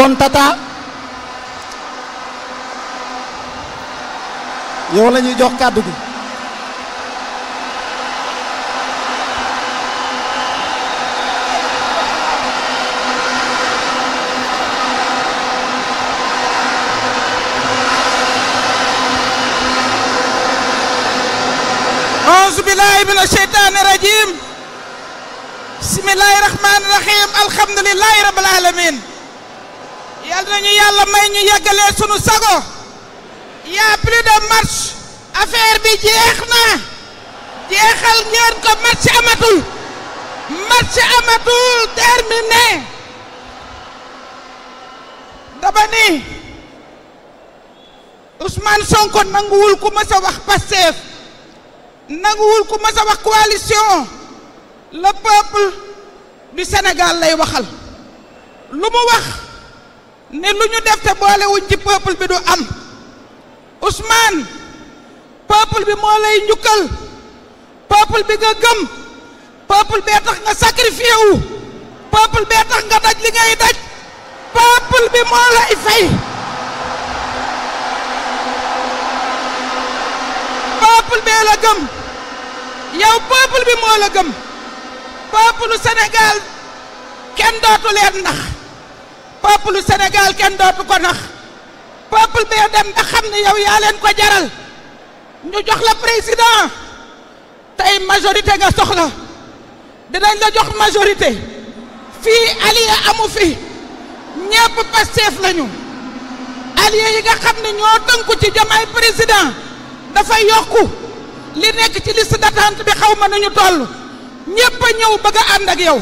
kon Tata yow la ñuy jox kàddu gi. auzu billaahi mina sheytaani rajiim bismillaahi rahmaani rahiim alhamdulillaahi rabbil aalamiin yal nañu yàlla may ñu yeggalee sunu sago y'a plus de match affaire bi jeex na jeexal ngeen ko match amatul match amatul terminé dama ni Ousmane Sonko nanguwul ku mës wax Pastef nanguwul ku mës wax coalition le peuple du Sénégal lay waxal lu mu wax ne lu ñu def te boolewuñ ci peuple bi du am Ousmane peuple bi moo lay njukkal peuple bi nga gëm peuple bee tax nga sacrifié wu bee tax nga daj li ngay daj peuple bi moo lay fay peuple bee la gëm yow peuple bi moo la gëm peuple Sénégal kenn dootu leen peuple Sénégal kenn dootu ko nax peuple bi dem ba xam ne yow yaa leen ko jaral ñu jox la président tey majorité nga soxla dinañ la jox majorité fii allié amu fi ñépp Pastef lañu allié yi nga xam ne ñoo tënku ci jamaay président dafay yokku li nekk ci liste d'attente bi xaw ma nañu toll ñépp a ñëw bëgg a ànd yow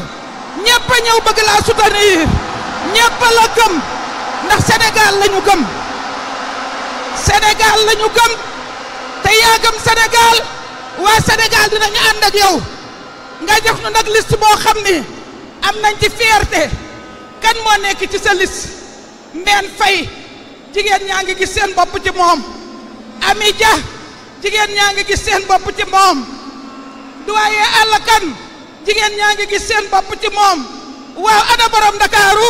ñépp a ñëw bëgg laa soutenir ñëpp la gëm ndax Sénégal la gëm Sénégal la gëm te yaa gëm Sénégal waa Sénégal dinañu ànd ak yow nga jox ñu nag liste boo xam ni am nañ ci fierté kan moo nekk ci sa liste Mbène Faye jigéen ñaa ngi gis seen bopp ci moom Ami Dia jigéen ñaa ngi gis seen bopp ci moom doyen Alla Kane jigéen ñaa ngi gis seen bopp ci moom waaw ana borom Ndakaaru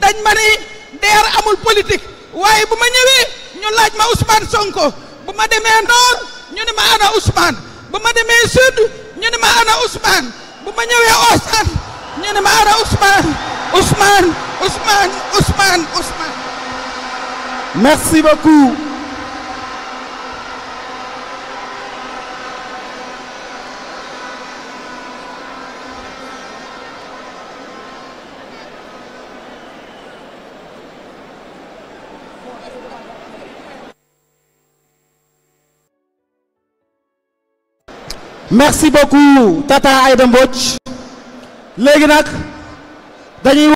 dañ ma ni deer amul politique waaye bu ma ñëwee ñu laaj ma Ousmane Sonko bu ma demee Nord ñu ne ma ana Ousmane bu ma demee Sud ñu ne ma ana Ousmane bu ma ñëwee Ossan ñu ne ma ana Ousmane Ousmane Ousmane Ousmane Ousmane. merci merci beaucoup Tata Aïda Mbodj léegi nag dañuy